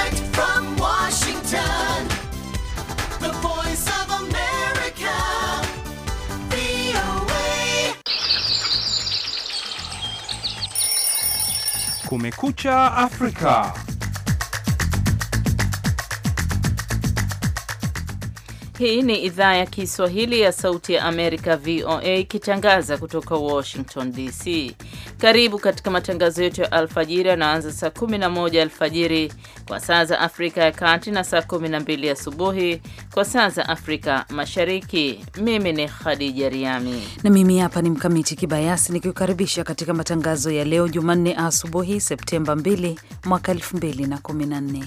Direct from Washington, the voice of America, VOA. Kumekucha Afrika. Hii ni idhaa ya Kiswahili ya Sauti ya Amerika, VOA, ikitangaza kutoka Washington DC. Karibu katika matangazo yetu ya alfajiri yanaanza saa 11 alfajiri kwa saa za Afrika ya Kati na saa 12 asubuhi kwa saa za Afrika Mashariki. Mimi ni Khadija Riami na mimi hapa ni Mkamiti Kibayasi nikikaribisha katika matangazo ya leo Jumanne asubuhi Septemba 2 mwaka 2014.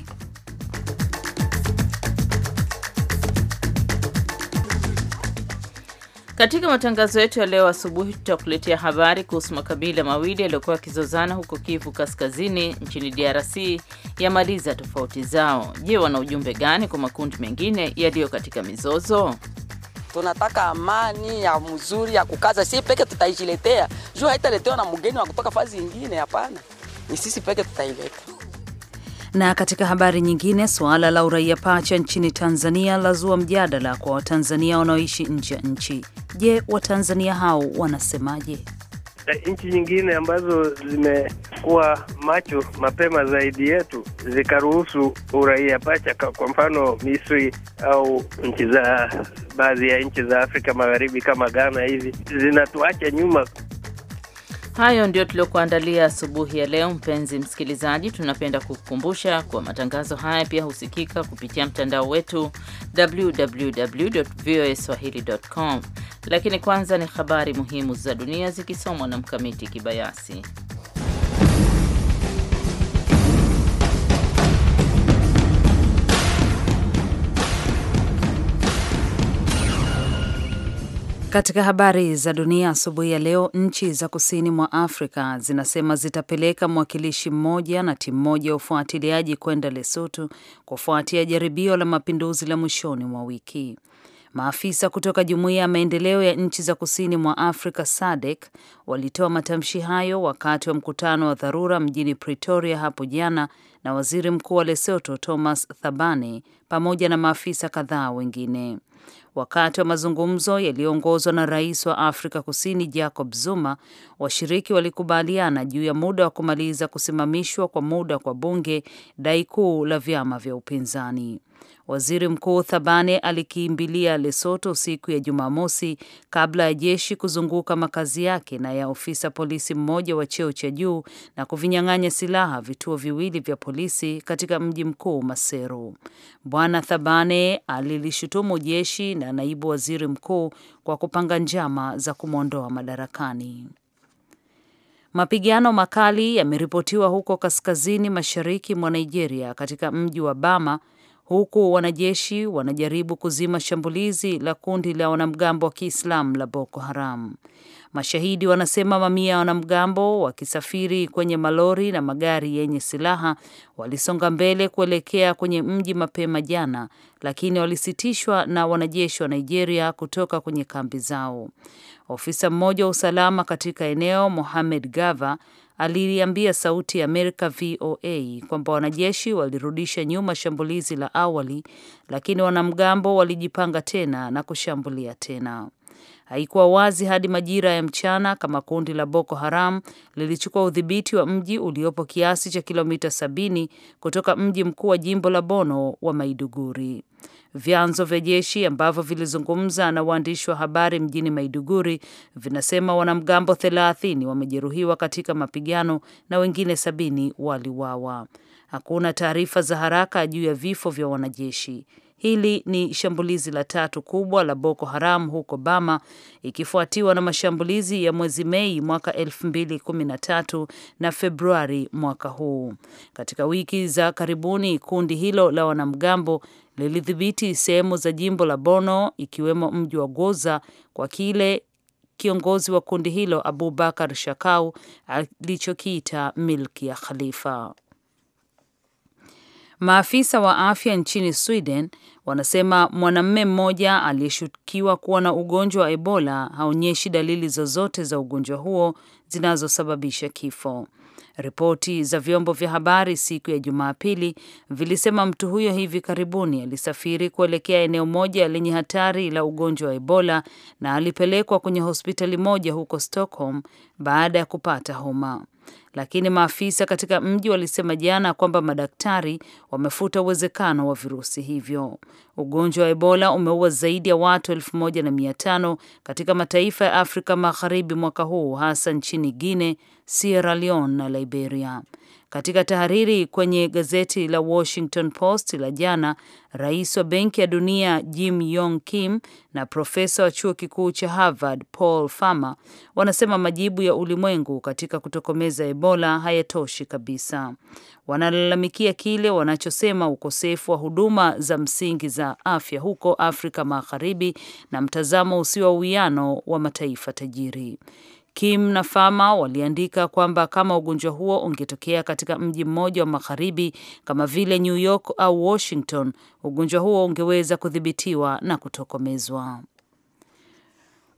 Katika matangazo yetu ya leo asubuhi tutakuletea habari kuhusu makabila mawili yaliyokuwa yakizozana huko Kivu Kaskazini nchini DRC yamaliza tofauti zao. Je, wana ujumbe gani kwa makundi mengine yaliyo katika mizozo? Tunataka amani ya mzuri ya kukaza, si peke tutaijiletea, juu haitaletewa na mgeni wa kutoka fazi nyingine. Hapana, ni sisi peke tutaileta. Na katika habari nyingine, suala la uraia pacha nchini Tanzania lazua mjadala kwa Watanzania wanaoishi nje ya nchi. Je, Watanzania hao wanasemaje? Eh, nchi nyingine ambazo zimekuwa macho mapema zaidi yetu zikaruhusu uraia pacha, kwa mfano Misri au nchi za baadhi ya nchi za Afrika Magharibi kama Ghana, hivi zinatuacha nyuma. Hayo ndio tuliokuandalia asubuhi ya leo. Mpenzi msikilizaji, tunapenda kukukumbusha kuwa matangazo haya pia husikika kupitia mtandao wetu www www.voaswahili.com. Lakini kwanza ni habari muhimu za dunia zikisomwa na Mkamiti Kibayasi. Katika habari za dunia asubuhi ya leo, nchi za kusini mwa Afrika zinasema zitapeleka mwakilishi mmoja na timu moja ya ufuatiliaji kwenda Lesotho kufuatia jaribio la mapinduzi la mwishoni mwa wiki. Maafisa kutoka Jumuiya ya Maendeleo ya Nchi za Kusini mwa Afrika SADC walitoa matamshi hayo wakati wa mkutano wa dharura mjini Pretoria hapo jana na Waziri Mkuu wa Lesotho Thomas Thabane pamoja na maafisa kadhaa wengine. Wakati wa mazungumzo yaliyoongozwa na rais wa Afrika Kusini Jacob Zuma, washiriki walikubaliana juu ya muda wa kumaliza kusimamishwa kwa muda kwa bunge dai kuu la vyama vya upinzani. Waziri Mkuu Thabane alikimbilia Lesoto siku ya Jumamosi kabla ya jeshi kuzunguka makazi yake na ya ofisa polisi mmoja wa cheo cha juu na kuvinyang'anya silaha vituo viwili vya polisi katika mji mkuu Maseru. Bwana Thabane alilishutumu jeshi na naibu waziri mkuu kwa kupanga njama za kumwondoa madarakani. Mapigano makali yameripotiwa huko kaskazini mashariki mwa Nigeria katika mji wa Bama huku wanajeshi wanajaribu kuzima shambulizi la kundi la wanamgambo wa Kiislamu la Boko Haram. Mashahidi wanasema mamia ya wanamgambo wakisafiri kwenye malori na magari yenye silaha walisonga mbele kuelekea kwenye mji mapema jana, lakini walisitishwa na wanajeshi wa Nigeria kutoka kwenye kambi zao. Ofisa mmoja wa usalama katika eneo Mohamed Gava aliiambia Sauti ya Amerika VOA kwamba wanajeshi walirudisha nyuma shambulizi la awali, lakini wanamgambo walijipanga tena na kushambulia tena. Haikuwa wazi hadi majira ya mchana kama kundi la Boko Haram lilichukua udhibiti wa mji uliopo kiasi cha kilomita sabini kutoka mji mkuu wa jimbo la Bono wa Maiduguri. Vyanzo vya jeshi ambavyo vilizungumza na waandishi wa habari mjini Maiduguri vinasema wanamgambo 30 wamejeruhiwa katika mapigano na wengine sabini waliwawa. Hakuna taarifa za haraka juu ya vifo vya wanajeshi. Hili ni shambulizi la tatu kubwa la Boko Haram huko Bama, ikifuatiwa na mashambulizi ya mwezi Mei mwaka 2013 na Februari mwaka huu. Katika wiki za karibuni, kundi hilo la wanamgambo lilidhibiti sehemu za jimbo la Bono ikiwemo mji wa Goza kwa kile kiongozi wa kundi hilo Abu Bakar Shakau alichokiita milki ya Khalifa. Maafisa wa afya nchini Sweden wanasema mwanamume mmoja aliyeshukiwa kuwa na ugonjwa wa Ebola haonyeshi dalili zozote za ugonjwa huo zinazosababisha kifo. Ripoti za vyombo vya habari siku ya Jumapili vilisema mtu huyo hivi karibuni alisafiri kuelekea eneo moja lenye hatari la ugonjwa wa Ebola na alipelekwa kwenye hospitali moja huko Stockholm baada ya kupata homa lakini maafisa katika mji walisema jana kwamba madaktari wamefuta uwezekano wa virusi hivyo. Ugonjwa wa Ebola umeua zaidi ya watu elfu moja na mia tano katika mataifa ya Afrika Magharibi mwaka huu, hasa nchini guine Sierra Leone na Liberia. Katika tahariri kwenye gazeti la Washington Post la jana, rais wa Benki ya Dunia Jim Yong Kim na profesa wa chuo kikuu cha Harvard Paul Farmer wanasema majibu ya ulimwengu katika kutokomeza Ebola hayatoshi kabisa. Wanalalamikia kile wanachosema ukosefu wa huduma za msingi za afya huko Afrika Magharibi na mtazamo usio wa uwiano wa mataifa tajiri. Kim na Fama waliandika kwamba kama ugonjwa huo ungetokea katika mji mmoja wa magharibi kama vile New York au Washington, ugonjwa huo ungeweza kudhibitiwa na kutokomezwa.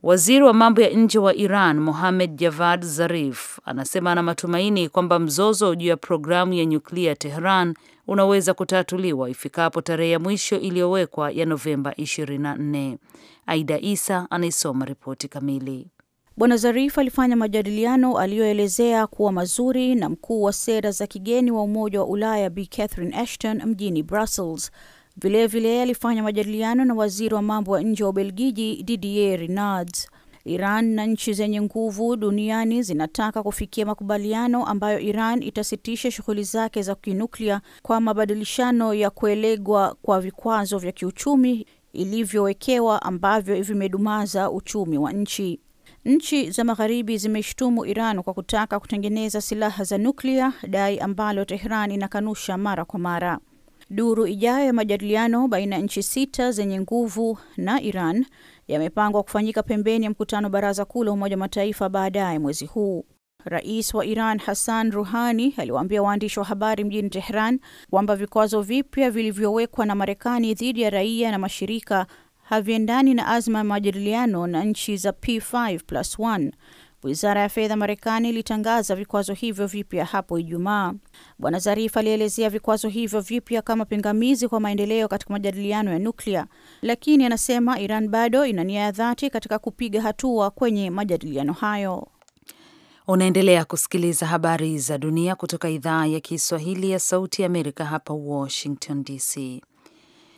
Waziri wa mambo ya nje wa Iran Mohamed Javad Zarif anasema ana matumaini kwamba mzozo juu ya programu ya nyuklia Tehran unaweza kutatuliwa ifikapo tarehe ya mwisho iliyowekwa ya Novemba 24. Aida Isa anaisoma ripoti kamili. Bwana Zarif alifanya majadiliano aliyoelezea kuwa mazuri na mkuu wa sera za kigeni wa Umoja wa Ulaya Bi Catherine Ashton mjini Brussels. Vilevile alifanya majadiliano na waziri wa mambo ya nje wa Ubelgiji Didier Reynders. Iran na nchi zenye nguvu duniani zinataka kufikia makubaliano ambayo Iran itasitisha shughuli zake za kinuklia kwa mabadilishano ya kuelegwa kwa vikwazo vya kiuchumi ilivyowekewa ambavyo vimedumaza uchumi wa nchi. Nchi za Magharibi zimeshtumu Iran kwa kutaka kutengeneza silaha za nuklia, dai ambalo Tehran inakanusha mara kwa mara. Duru ijayo ya majadiliano baina ya nchi sita zenye nguvu na Iran yamepangwa kufanyika pembeni ya mkutano baraza kuu la Umoja wa Mataifa baadaye mwezi huu. Rais wa Iran Hassan Ruhani aliwaambia waandishi wa habari mjini Tehran kwamba vikwazo vipya vilivyowekwa na Marekani dhidi ya raia na mashirika haviendani na azma ya majadiliano na nchi za P5+1. Wizara ya fedha Marekani ilitangaza vikwazo hivyo vipya hapo Ijumaa. Bwana Zarif alielezea vikwazo hivyo vipya kama pingamizi kwa maendeleo katika majadiliano ya nuklia, lakini anasema Iran bado ina nia ya dhati katika kupiga hatua kwenye majadiliano hayo. Unaendelea kusikiliza habari za dunia kutoka idhaa ya Kiswahili ya Sauti ya Amerika hapa Washington DC.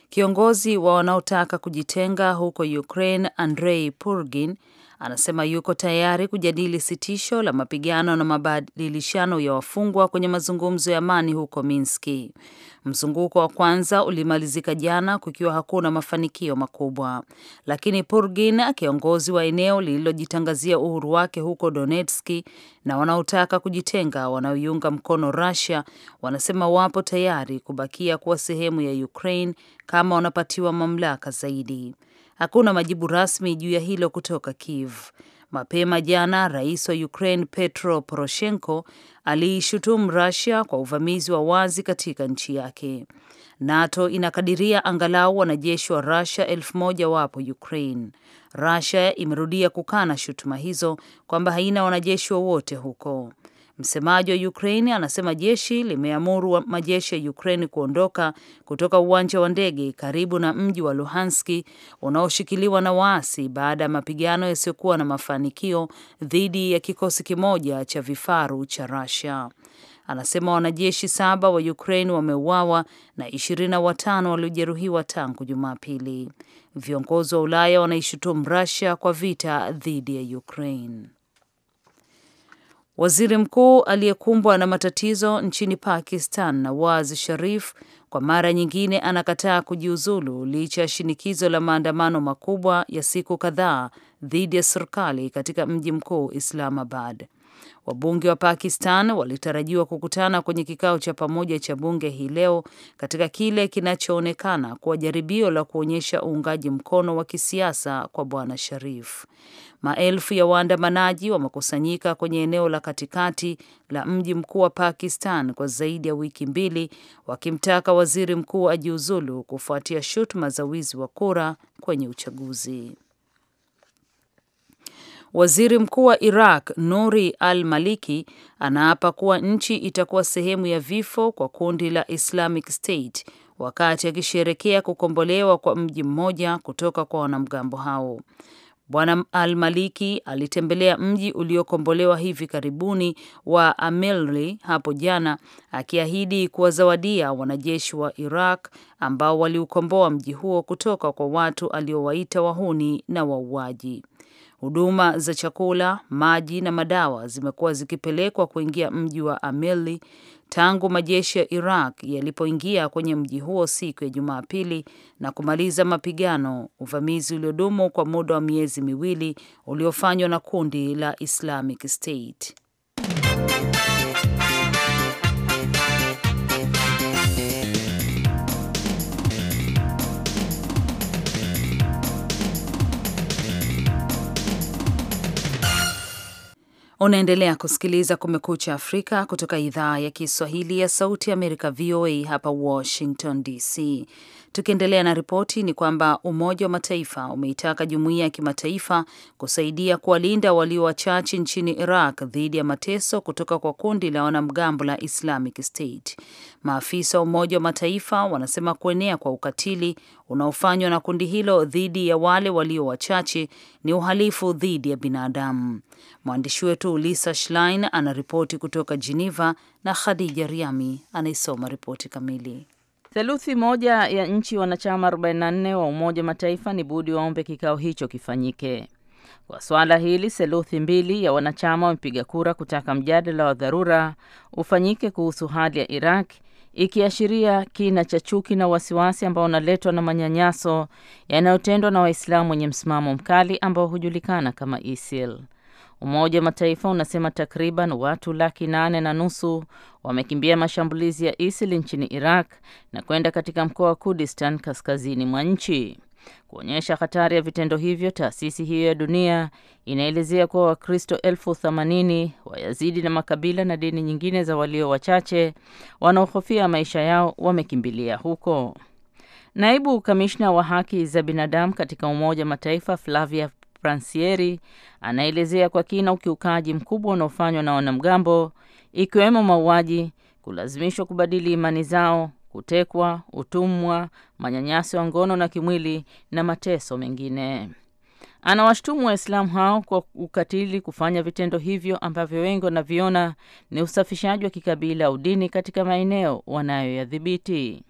Kiongozi wa wanaotaka kujitenga huko Ukraine Andrei Purgin anasema yuko tayari kujadili sitisho la mapigano na mabadilishano ya wafungwa kwenye mazungumzo ya amani huko Minski. Mzunguko wa kwanza ulimalizika jana kukiwa hakuna mafanikio makubwa, lakini Purgin, kiongozi wa eneo lililojitangazia uhuru wake huko Donetski, na wanaotaka kujitenga wanaoiunga mkono Russia wanasema wapo tayari kubakia kuwa sehemu ya Ukraine kama wanapatiwa mamlaka zaidi. Hakuna majibu rasmi juu ya hilo kutoka Kiev. Mapema jana rais wa Ukraine Petro Poroshenko aliishutumu rasia kwa uvamizi wa wazi katika nchi yake. NATO inakadiria angalau wanajeshi wa rasia elfu moja wapo Ukraine. rasia imerudia kukana shutuma hizo kwamba haina wanajeshi wowote huko. Msemaji wa Ukraine anasema jeshi limeamuru majeshi ya Ukraine kuondoka kutoka uwanja wa ndege karibu na mji wa Luhanski unaoshikiliwa na waasi baada ya mapigano yasiyokuwa na mafanikio dhidi ya kikosi kimoja cha vifaru cha Russia. Anasema wanajeshi saba wa Ukraine wameuawa na ishirini na watano waliojeruhiwa tangu Jumapili. Viongozi wa Ulaya wanaishutumu Russia kwa vita dhidi ya Ukraine. Waziri mkuu aliyekumbwa na matatizo nchini Pakistan, Nawaz Sharif, kwa mara nyingine anakataa kujiuzulu licha ya shinikizo la maandamano makubwa ya siku kadhaa dhidi ya serikali katika mji mkuu Islamabad. Wabunge wa Pakistan walitarajiwa kukutana kwenye kikao cha pamoja cha bunge hii leo katika kile kinachoonekana kuwa jaribio la kuonyesha uungaji mkono wa kisiasa kwa Bwana Sharif. Maelfu ya waandamanaji wamekusanyika kwenye eneo la katikati la mji mkuu wa Pakistan kwa zaidi ya wiki mbili wakimtaka waziri mkuu ajiuzulu kufuatia shutuma za wizi wa kura kwenye uchaguzi. Waziri mkuu wa Iraq Nuri al Maliki anaapa kuwa nchi itakuwa sehemu ya vifo kwa kundi la Islamic State wakati akisherekea kukombolewa kwa mji mmoja kutoka kwa wanamgambo hao. Bwana al Maliki alitembelea mji uliokombolewa hivi karibuni wa Amelri hapo jana, akiahidi kuwazawadia wanajeshi wa Iraq ambao waliukomboa mji huo kutoka kwa watu aliowaita wahuni na wauaji. Huduma za chakula, maji na madawa zimekuwa zikipelekwa kuingia mji wa Ameli tangu majeshi ya Iraq yalipoingia kwenye mji huo siku ya Jumapili na kumaliza mapigano, uvamizi uliodumu kwa muda wa miezi miwili uliofanywa na kundi la Islamic State. Unaendelea kusikiliza Kumekucha Afrika kutoka idhaa ya Kiswahili ya Sauti ya Amerika, VOA hapa Washington DC. Tukiendelea na ripoti, ni kwamba Umoja wa Mataifa umeitaka jumuiya ya kimataifa kusaidia kuwalinda walio wachache nchini Iraq dhidi ya mateso kutoka kwa kundi la wanamgambo la Islamic State. Maafisa wa Umoja wa Mataifa wanasema kuenea kwa ukatili unaofanywa na kundi hilo dhidi ya wale walio wachache ni uhalifu dhidi ya binadamu. Mwandishi wetu Lisa Schlein anaripoti kutoka Geneva na Khadija Riami anaisoma ripoti kamili. Theluthi moja ya nchi wanachama 44 wa Umoja Mataifa ni budi waombe kikao hicho kifanyike. Kwa swala hili, theluthi mbili ya wanachama wamepiga kura kutaka mjadala wa dharura ufanyike kuhusu hali ya Iraq, ikiashiria kina cha chuki na wasiwasi ambao unaletwa na manyanyaso yanayotendwa na Waislamu wenye msimamo mkali ambao hujulikana kama ISIL. Umoja wa Mataifa unasema takriban watu laki nane na nusu wamekimbia mashambulizi ya ISIL nchini Iraq na kwenda katika mkoa wa Kurdistan kaskazini mwa nchi. Kuonyesha hatari ya vitendo hivyo, taasisi hiyo ya dunia inaelezea kuwa Wakristo elfu themanini Wayazidi na makabila na dini nyingine za walio wachache wanaohofia maisha yao wamekimbilia huko. Naibu kamishna wa haki za binadamu katika Umoja wa Mataifa Flavia Pransieri anaelezea kwa kina ukiukaji mkubwa unaofanywa na wanamgambo ikiwemo mauaji, kulazimishwa kubadili imani zao, kutekwa, utumwa, manyanyaso ya ngono na kimwili na mateso mengine. anawashtumu Waislamu hao kwa ukatili kufanya vitendo hivyo ambavyo wengi wanaviona ni usafishaji wa kikabila au dini katika maeneo wanayoyadhibiti.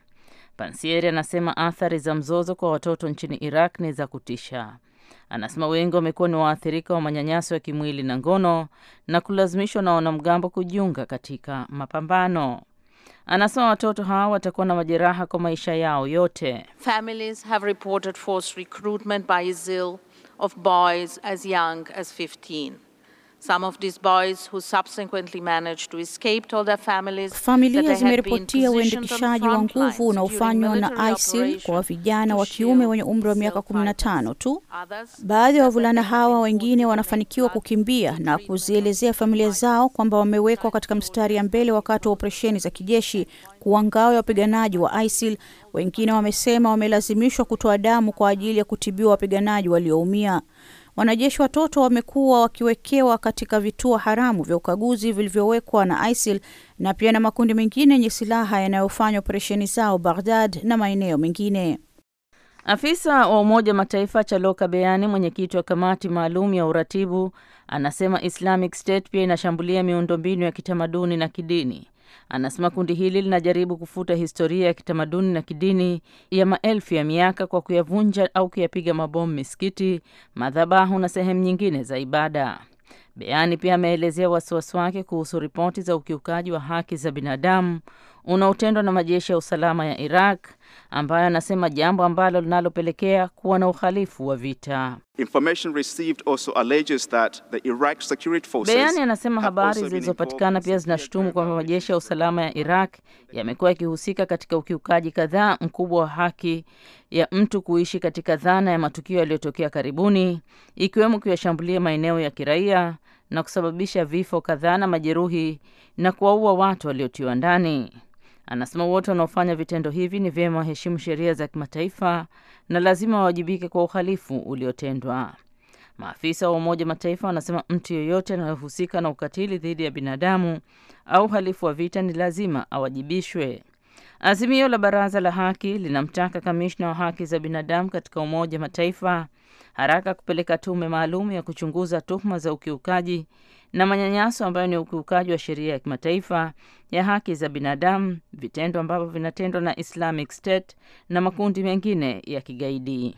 Pansieri anasema athari za mzozo kwa watoto nchini Iraq ni za kutisha. Anasema wengi wamekuwa ni waathirika wa manyanyaso ya kimwili na ngono na kulazimishwa na wanamgambo kujiunga katika mapambano. Anasema watoto hawa watakuwa na majeraha kwa maisha yao yote. Families have reported forced recruitment by ISIL of boys as young as 15. Familia zimeripotia uandikishaji wa nguvu unaofanywa na ISIL kwa vijana wa kiume wenye umri wa miaka 15 tu. Baadhi ya wavulana hawa wengine wanafanikiwa kukimbia na kuzielezea familia zao kwamba wamewekwa katika mstari ya mbele wakati wa operesheni za kijeshi kuwa ngao ya wapiganaji wa ISIL. Wengine wamesema wamelazimishwa kutoa damu kwa ajili ya kutibiwa wapiganaji walioumia. Wanajeshi watoto wamekuwa wakiwekewa katika vituo haramu vya ukaguzi vilivyowekwa na ISIL na pia na makundi mengine yenye silaha yanayofanya operesheni zao Baghdad na maeneo mengine. Afisa wa Umoja Mataifa Chaloka Beyani, mwenyekiti wa kamati maalum ya uratibu, anasema Islamic State pia inashambulia miundombinu ya kitamaduni na kidini Anasema kundi hili linajaribu kufuta historia ya kitamaduni na kidini ya maelfu ya miaka kwa kuyavunja au kuyapiga mabomu misikiti, madhabahu na sehemu nyingine za ibada. Beani pia ameelezea wasiwasi wake kuhusu ripoti za ukiukaji wa haki za binadamu unaotendwa na majeshi ya usalama ya Iraq ambaye anasema jambo ambalo linalopelekea kuwa na uhalifu wa vita. Information received also alleges that the Iraq security forces. anasema habari zilizopatikana pia zinashutumu kwamba majeshi ya usalama ya Iraq yamekuwa yakihusika katika ukiukaji kadhaa mkubwa wa haki ya mtu kuishi katika dhana ya matukio yaliyotokea karibuni, ikiwemo kuyashambulia maeneo ya kiraia na kusababisha vifo kadhaa na majeruhi na kuwaua watu waliotiwa ndani. Anasema wote wanaofanya vitendo hivi ni vyema waheshimu sheria za kimataifa na lazima wawajibike kwa uhalifu uliotendwa. Maafisa wa Umoja Mataifa wanasema mtu yeyote anayohusika na ukatili dhidi ya binadamu au uhalifu wa vita ni lazima awajibishwe. Azimio la baraza la haki linamtaka kamishna wa haki za binadamu katika Umoja wa Mataifa haraka kupeleka tume maalum ya kuchunguza tuhuma za ukiukaji na manyanyaso ambayo ni ukiukaji wa sheria ya kimataifa ya haki za binadamu, vitendo ambavyo vinatendwa na Islamic State na makundi mengine ya kigaidi.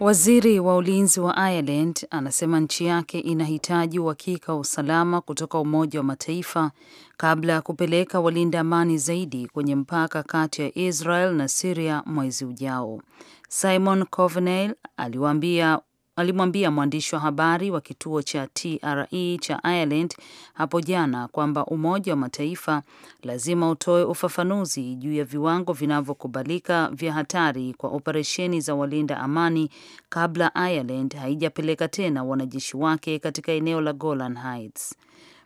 Waziri wa ulinzi wa Ireland anasema nchi yake inahitaji uhakika wa usalama kutoka Umoja wa Mataifa kabla ya kupeleka walinda amani zaidi kwenye mpaka kati ya Israel na Siria mwezi ujao. Simon Coveney aliwaambia alimwambia mwandishi wa habari wa kituo cha TRE cha Ireland hapo jana kwamba Umoja wa Mataifa lazima utoe ufafanuzi juu ya viwango vinavyokubalika vya hatari kwa operesheni za walinda amani kabla Ireland haijapeleka tena wanajeshi wake katika eneo la Golan Heights,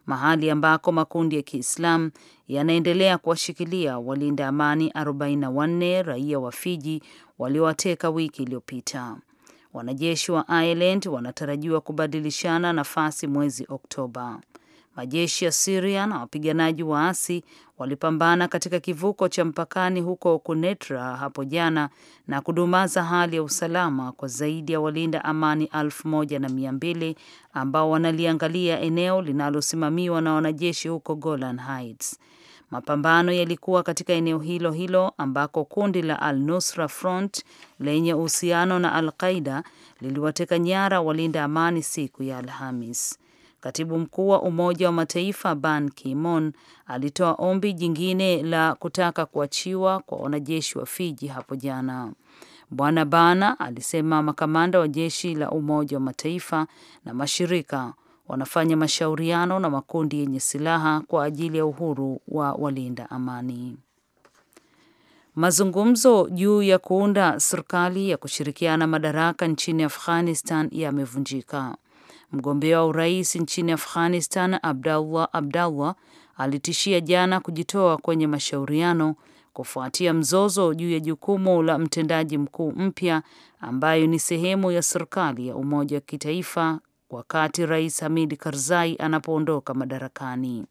mahali ambako makundi ya Kiislamu yanaendelea kuwashikilia walinda amani 44 raia wa Fiji waliowateka wiki iliyopita. Wanajeshi wa Ireland wanatarajiwa kubadilishana nafasi mwezi Oktoba. Majeshi ya Siria na wapiganaji waasi walipambana katika kivuko cha mpakani huko Kunetra hapo jana na kudumaza hali ya usalama kwa zaidi ya walinda amani elfu moja na mia mbili ambao wanaliangalia eneo linalosimamiwa na wanajeshi huko Golan Heights. Mapambano yalikuwa katika eneo hilo hilo ambako kundi la Al-Nusra Front lenye uhusiano na Al-Qaida liliwateka nyara walinda amani siku ya Alhamis. Katibu mkuu wa Umoja wa Mataifa Ban Kimon alitoa ombi jingine la kutaka kuachiwa kwa wanajeshi wa Fiji hapo jana. Bwana Bana alisema makamanda wa jeshi la Umoja wa Mataifa na mashirika wanafanya mashauriano na makundi yenye silaha kwa ajili ya uhuru wa walinda amani. Mazungumzo juu ya kuunda serikali ya kushirikiana madaraka nchini Afghanistan yamevunjika. Mgombea wa urais nchini Afghanistan, Abdallah Abdallah, alitishia jana kujitoa kwenye mashauriano kufuatia mzozo juu ya jukumu la mtendaji mkuu mpya ambayo ni sehemu ya serikali ya umoja wa kitaifa wakati Rais Hamid Karzai anapoondoka madarakani,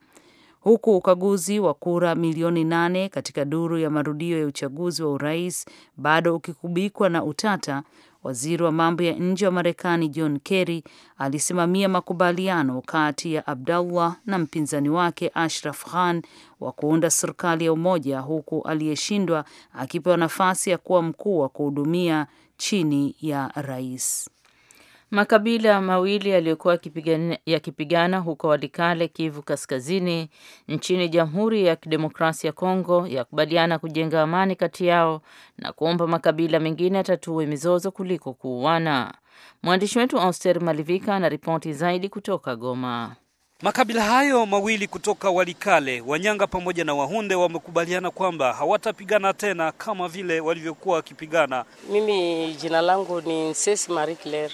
huku ukaguzi wa kura milioni nane katika duru ya marudio ya uchaguzi wa urais bado ukikubikwa na utata. Waziri wa mambo ya nje wa Marekani John Kerry alisimamia makubaliano kati ya Abdallah na mpinzani wake Ashraf ghan wa kuunda serikali ya umoja, huku aliyeshindwa akipewa nafasi ya kuwa mkuu wa kuhudumia chini ya rais. Makabila mawili yaliyokuwa yakipigana huko Walikale, Kivu Kaskazini, nchini Jamhuri ya Kidemokrasia ya Kongo yakubaliana kujenga amani kati yao na kuomba makabila mengine yatatue mizozo kuliko kuuana. Mwandishi wetu Auster Malivika anaripoti zaidi kutoka Goma. Makabila hayo mawili kutoka Walikale, Wanyanga pamoja na Wahunde wamekubaliana kwamba hawatapigana tena kama vile walivyokuwa wakipigana. Mimi jina langu ni Nsesi Marie Claire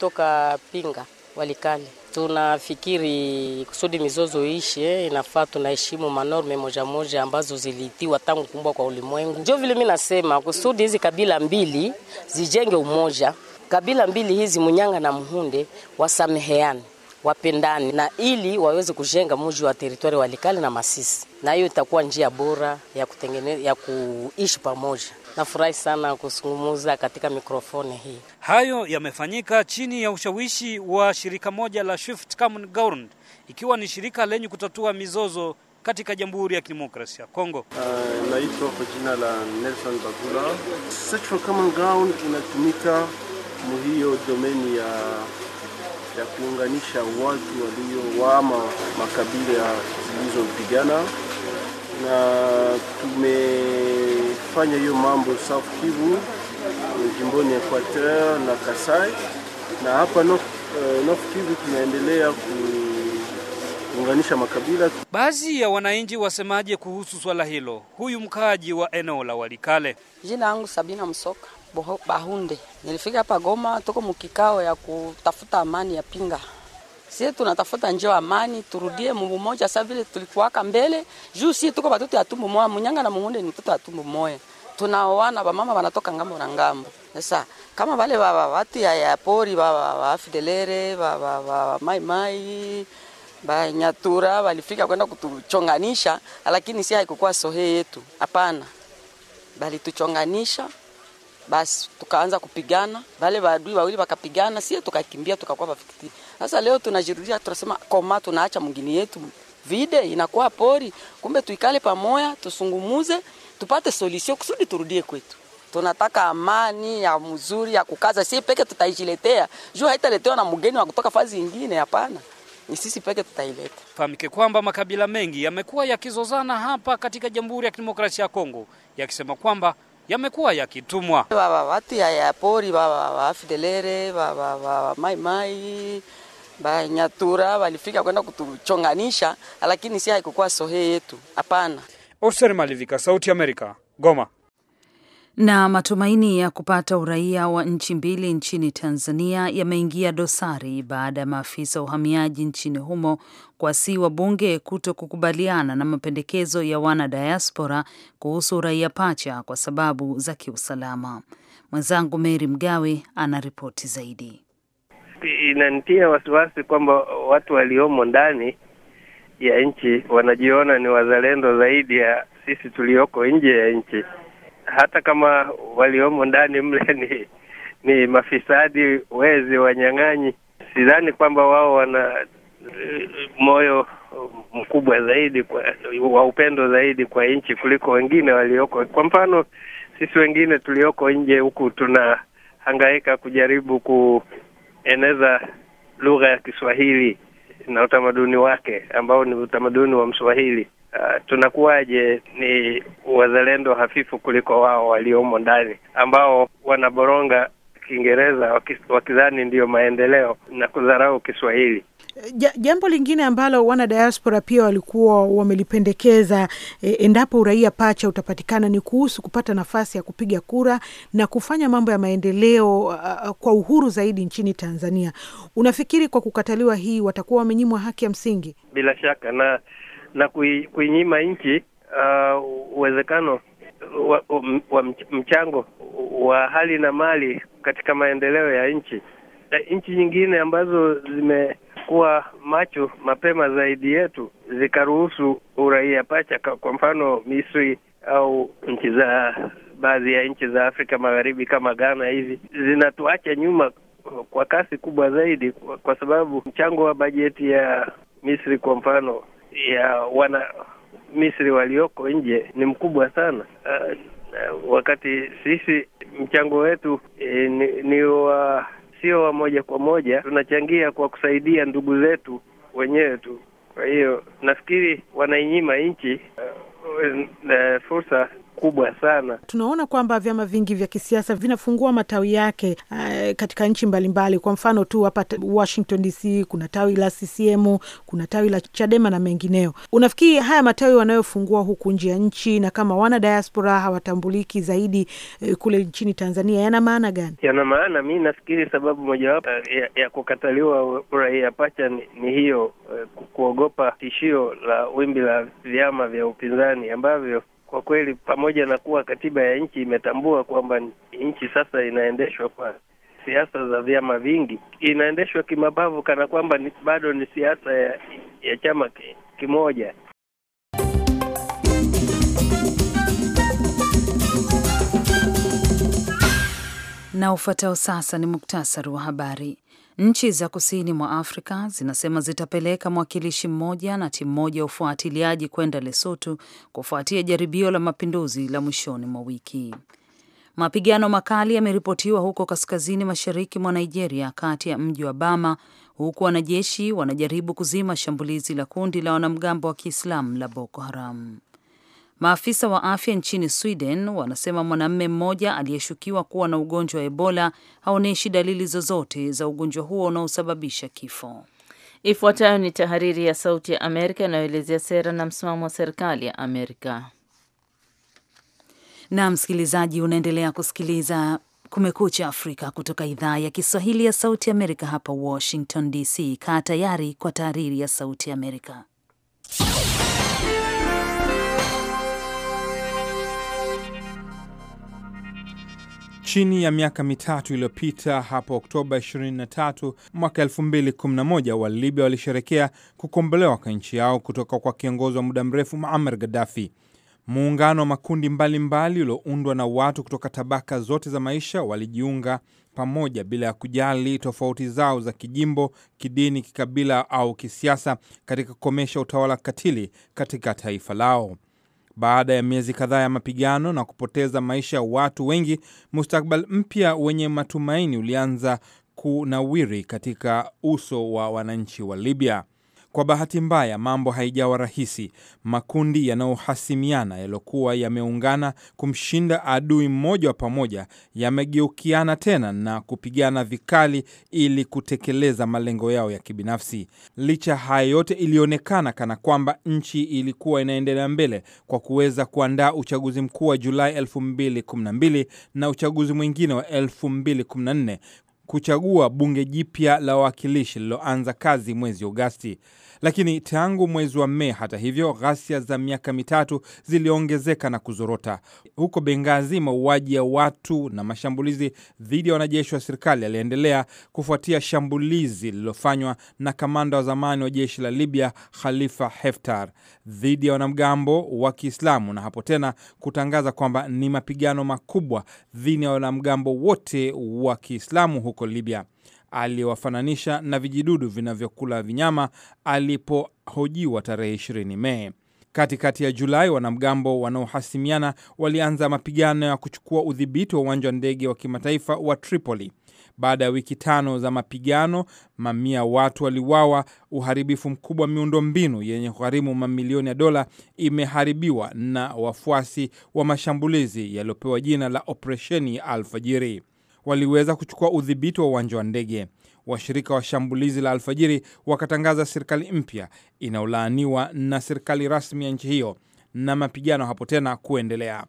kutoka Pinga Walikale. Tunafikiri kusudi mizozo ishe, inafaa tunaheshimu manorme moja moja ambazo zilitiwa tangu kumbwa kwa ulimwengu. Ndio vile mimi nasema kusudi hizi kabila mbili zijenge umoja, kabila mbili hizi Munyanga na Muhunde wasameheane wapendane na ili waweze kujenga mji wa teritwari Walikale na Masisi, na hiyo itakuwa njia bora ya kutengeneza ya kuishi pamoja. Nafurahi sana kuzungumza katika mikrofoni hii. Hayo yamefanyika chini ya ushawishi wa shirika moja la Shift Common Ground, ikiwa ni shirika lenye kutatua mizozo katika Jamhuri ya Kidemokrasia ya Kongo. Uh, naitwa kwa jina la Nelson Bagula. Search for Common Ground inatumika mhiyo domeni ya ya kuunganisha watu waliowama makabila zilizopigana na tume kufanya hiyo mambo South Kivu, jimboni Equateur na Kasai, na hapa North, uh, North Kivu tunaendelea kuunganisha makabila. Baadhi ya wananchi wasemaje kuhusu swala hilo? Huyu mkaaji wa eneo la Walikale. Jina langu Sabina Msoka Bahunde. Nilifika hapa Goma, tuko mkikao ya kutafuta amani ya Pinga Sie tunatafuta njia amani, turudie Mungu mmoja sasa vile tulikuwaka mbele. Juu si tuko batoto ya tumbo moja, munyanga na muhunde ni mtoto ya tumbo moja. Tunaoana ba mama wanatoka ngambo na ngambo. Sasa kama wale baba watu ya, ya pori ba ba Fidelere, ba ba ba Mai Mai, ba Nyatura walifika kwenda kutuchonganisha, lakini si haikukua sohe yetu. Hapana. Bali tuchonganisha basi tukaanza kupigana, wale waadui wawili wakapigana, sisi tukakimbia tukakuwa bafikiti sasa leo tunajirudia, tunasema koma, tunaacha mwingine yetu vide inakuwa pori, kumbe tuikale pamoja, tusungumuze, tupate solution kusudi turudie kwetu. Tunataka amani ya mzuri ya kukaza, si peke tutaijiletea, juu haitaletewa na mgeni wa kutoka fazi nyingine. Hapana, ni sisi peke tutaileta. Fahamike kwamba makabila mengi yamekuwa yakizozana hapa katika Jamhuri ya Kidemokrasia ya Kongo, yakisema kwamba yamekuwa yakitumwa baba watu ya, ya pori baba fidelere baba maimai Banyatura walifika kwenda kutuchonganisha, lakini si haikukuwa sohe yetu, hapana. Oser Malivika, Sauti Amerika, Goma. Na matumaini ya kupata uraia wa nchi mbili nchini Tanzania yameingia dosari baada ya maafisa uhamiaji nchini humo wa wabunge kuto kukubaliana na mapendekezo ya wana diaspora kuhusu uraia pacha kwa sababu za kiusalama. Mwenzangu Mary Mgawe ana ripoti zaidi inanitia wasiwasi kwamba watu waliomo ndani ya nchi wanajiona ni wazalendo zaidi ya sisi tulioko nje ya nchi, hata kama waliomo ndani mle ni ni mafisadi, wezi, wanyang'anyi. Sidhani kwamba wao wana eh, moyo mkubwa zaidi kwa, wa upendo zaidi kwa nchi kuliko wengine walioko. Kwa mfano sisi wengine tulioko nje huku tunahangaika kujaribu ku eneza lugha ya Kiswahili na utamaduni wake ambao ni utamaduni wa Mswahili. Uh, tunakuwaje ni wazalendo hafifu kuliko wao waliomo ndani ambao wanaboronga Kiingereza wakidhani ndiyo maendeleo na kudharau Kiswahili. Ja, jambo lingine ambalo wana diaspora pia walikuwa wamelipendekeza e, endapo uraia pacha utapatikana ni kuhusu kupata nafasi ya kupiga kura na kufanya mambo ya maendeleo a, kwa uhuru zaidi nchini Tanzania. Unafikiri kwa kukataliwa hii watakuwa wamenyimwa haki ya msingi? Bila shaka na na kuinyima nchi uwezekano wa, wa mchango wa hali na mali katika maendeleo ya nchi. Nchi nyingine ambazo zimekuwa macho mapema zaidi yetu zikaruhusu uraia pacha, kwa mfano Misri au nchi za baadhi ya nchi za Afrika Magharibi kama Ghana, hivi zinatuacha nyuma kwa kasi kubwa zaidi, kwa, kwa sababu mchango wa bajeti ya Misri kwa mfano ya wana Misri walioko nje ni mkubwa sana uh, uh, wakati sisi mchango wetu eh, ni, ni wa sio wa moja kwa moja, tunachangia kwa kusaidia ndugu zetu wenyewe tu. Kwa hiyo nafikiri wanainyima nchi uh, uh, fursa kubwa sana. Tunaona kwamba vyama vingi vya kisiasa vinafungua matawi yake uh, katika nchi mbalimbali. Kwa mfano tu hapa Washington DC kuna tawi la CCM, kuna tawi la Chadema na mengineo. Unafikiri haya matawi wanayofungua huku nje ya nchi na kama wana diaspora hawatambuliki zaidi uh, kule nchini Tanzania yana maana gani? Yana maana, mi nafikiri sababu mojawapo uh, ya, ya kukataliwa uraia pacha ni, ni hiyo uh, kuogopa tishio la wimbi la vyama vya upinzani ambavyo kwa kweli, pamoja na kuwa katiba ya nchi imetambua kwamba nchi sasa inaendeshwa kwa siasa za vyama vingi, inaendeshwa kimabavu, kana kwamba ni, bado ni siasa ya, ya chama kimoja. Na ufuatao sasa ni muktasari wa habari. Nchi za kusini mwa Afrika zinasema zitapeleka mwakilishi mmoja na timu moja ya ufuatiliaji kwenda Lesotho kufuatia jaribio la mapinduzi la mwishoni mwa wiki. Mapigano makali yameripotiwa huko kaskazini mashariki mwa Nigeria, kati ya mji wa Bama, huku wanajeshi wanajaribu kuzima shambulizi la kundi la wanamgambo wa Kiislamu la Boko Haram. Maafisa wa afya nchini Sweden wanasema mwanamume mmoja aliyeshukiwa kuwa na ugonjwa wa Ebola haonyeshi dalili zozote za ugonjwa huo unaosababisha kifo. Ifuatayo ni tahariri ya Sauti ya Amerika inayoelezea sera na msimamo wa serikali ya Amerika. Na msikilizaji, unaendelea kusikiliza Kumekucha Afrika kutoka idhaa ya Kiswahili ya Sauti Amerika hapa Washington DC. Kaa tayari kwa tahariri ya Sauti Amerika. Chini ya miaka mitatu iliyopita, hapo Oktoba 23 mwaka 2011, Walibya walisherekea kukombolewa kwa nchi yao kutoka kwa kiongozi wa muda mrefu Muammar Gaddafi. Muungano wa makundi mbalimbali ulioundwa na watu kutoka tabaka zote za maisha walijiunga pamoja bila ya kujali tofauti zao za kijimbo, kidini, kikabila au kisiasa katika kukomesha utawala katili katika taifa lao baada ya miezi kadhaa ya mapigano na kupoteza maisha ya watu wengi, mustakbal mpya wenye matumaini ulianza kunawiri katika uso wa wananchi wa Libya. Kwa bahati mbaya, mambo haijawa rahisi. Makundi yanayohasimiana yaliyokuwa yameungana kumshinda adui mmoja wa pamoja yamegeukiana tena na kupigana vikali ili kutekeleza malengo yao ya kibinafsi. Licha haya yote, ilionekana kana kwamba nchi ilikuwa inaendelea mbele kwa kuweza kuandaa uchaguzi mkuu wa Julai 2012 na uchaguzi mwingine wa 2014 kuchagua bunge jipya la wawakilishi lililoanza kazi mwezi Agosti. Lakini tangu mwezi wa Mei, hata hivyo, ghasia za miaka mitatu ziliongezeka na kuzorota. Huko Bengazi, mauaji ya watu na mashambulizi dhidi ya wanajeshi wa serikali yaliendelea kufuatia shambulizi lililofanywa na kamanda wa zamani wa jeshi la Libya Khalifa Heftar dhidi ya wanamgambo wa Kiislamu, na hapo tena kutangaza kwamba ni mapigano makubwa dhidi ya wanamgambo wote wa Kiislamu huko huko Libya. Aliwafananisha na vijidudu vinavyokula vinyama alipohojiwa tarehe 20 Mei. Katikati ya Julai, wanamgambo wanaohasimiana walianza mapigano ya kuchukua udhibiti wa uwanja wa ndege wa kimataifa wa Tripoli. Baada ya wiki tano za mapigano, mamia watu waliuawa. Uharibifu mkubwa wa mbinu yenye kugharimu mamilioni ya dola imeharibiwa na wafuasi wa mashambulizi yaliyopewa jina la operesheni ya alfajiri waliweza kuchukua udhibiti wa uwanja wa ndege. Washirika wa shambulizi la alfajiri wakatangaza serikali mpya inayolaaniwa na serikali rasmi ya nchi hiyo, na mapigano hapo tena kuendelea.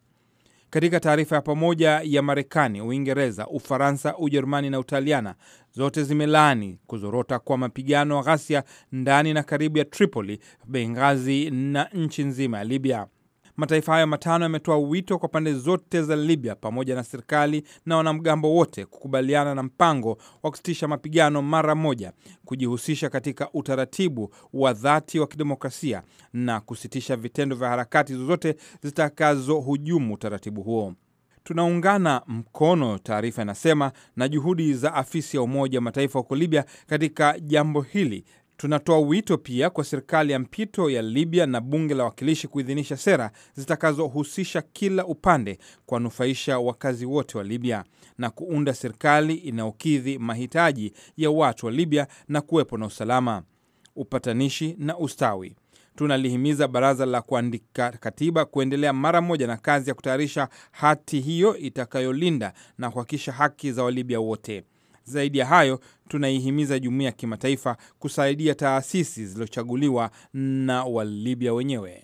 Katika taarifa ya pamoja ya Marekani, Uingereza, Ufaransa, Ujerumani na Utaliana, zote zimelaani kuzorota kwa mapigano ghasia ndani na karibu ya Tripoli, Benghazi na nchi nzima ya Libya. Mataifa hayo matano yametoa wito kwa pande zote za Libya pamoja na serikali na wanamgambo wote kukubaliana na mpango wa kusitisha mapigano mara moja, kujihusisha katika utaratibu wa dhati wa kidemokrasia na kusitisha vitendo vya harakati zozote zitakazohujumu utaratibu huo. Tunaungana mkono, taarifa inasema, na juhudi za afisi ya Umoja wa Mataifa huko Libya katika jambo hili Tunatoa wito pia kwa serikali ya mpito ya Libya na bunge la wakilishi kuidhinisha sera zitakazohusisha kila upande kuwanufaisha wakazi wote wa Libya na kuunda serikali inayokidhi mahitaji ya watu wa Libya na kuwepo na usalama, upatanishi na ustawi. Tunalihimiza baraza la kuandika katiba kuendelea mara moja na kazi ya kutayarisha hati hiyo itakayolinda na kuhakikisha haki za Walibya wote. Zaidi ya hayo, tunaihimiza jumuiya ya kimataifa kusaidia taasisi zilizochaguliwa na Walibya wenyewe.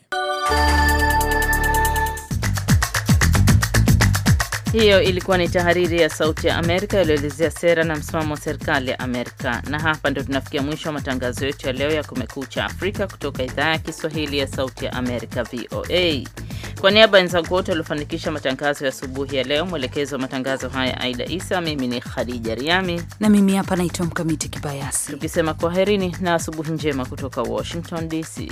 Hiyo ilikuwa ni tahariri ya Sauti ya Amerika iliyoelezea sera na msimamo wa serikali ya Amerika. Na hapa ndio tunafikia mwisho wa matangazo yetu ya leo ya Kumekucha Afrika kutoka idhaa ya Kiswahili ya Sauti ya Amerika, VOA. Kwa niaba ya wenzangu wote waliofanikisha matangazo ya asubuhi ya leo, mwelekezo wa matangazo haya Aida Isa, mimi ni Khadija Riami na mimi hapa naitwa Mkamiti Kibayasi, tukisema kwaherini na asubuhi njema kutoka Washington DC.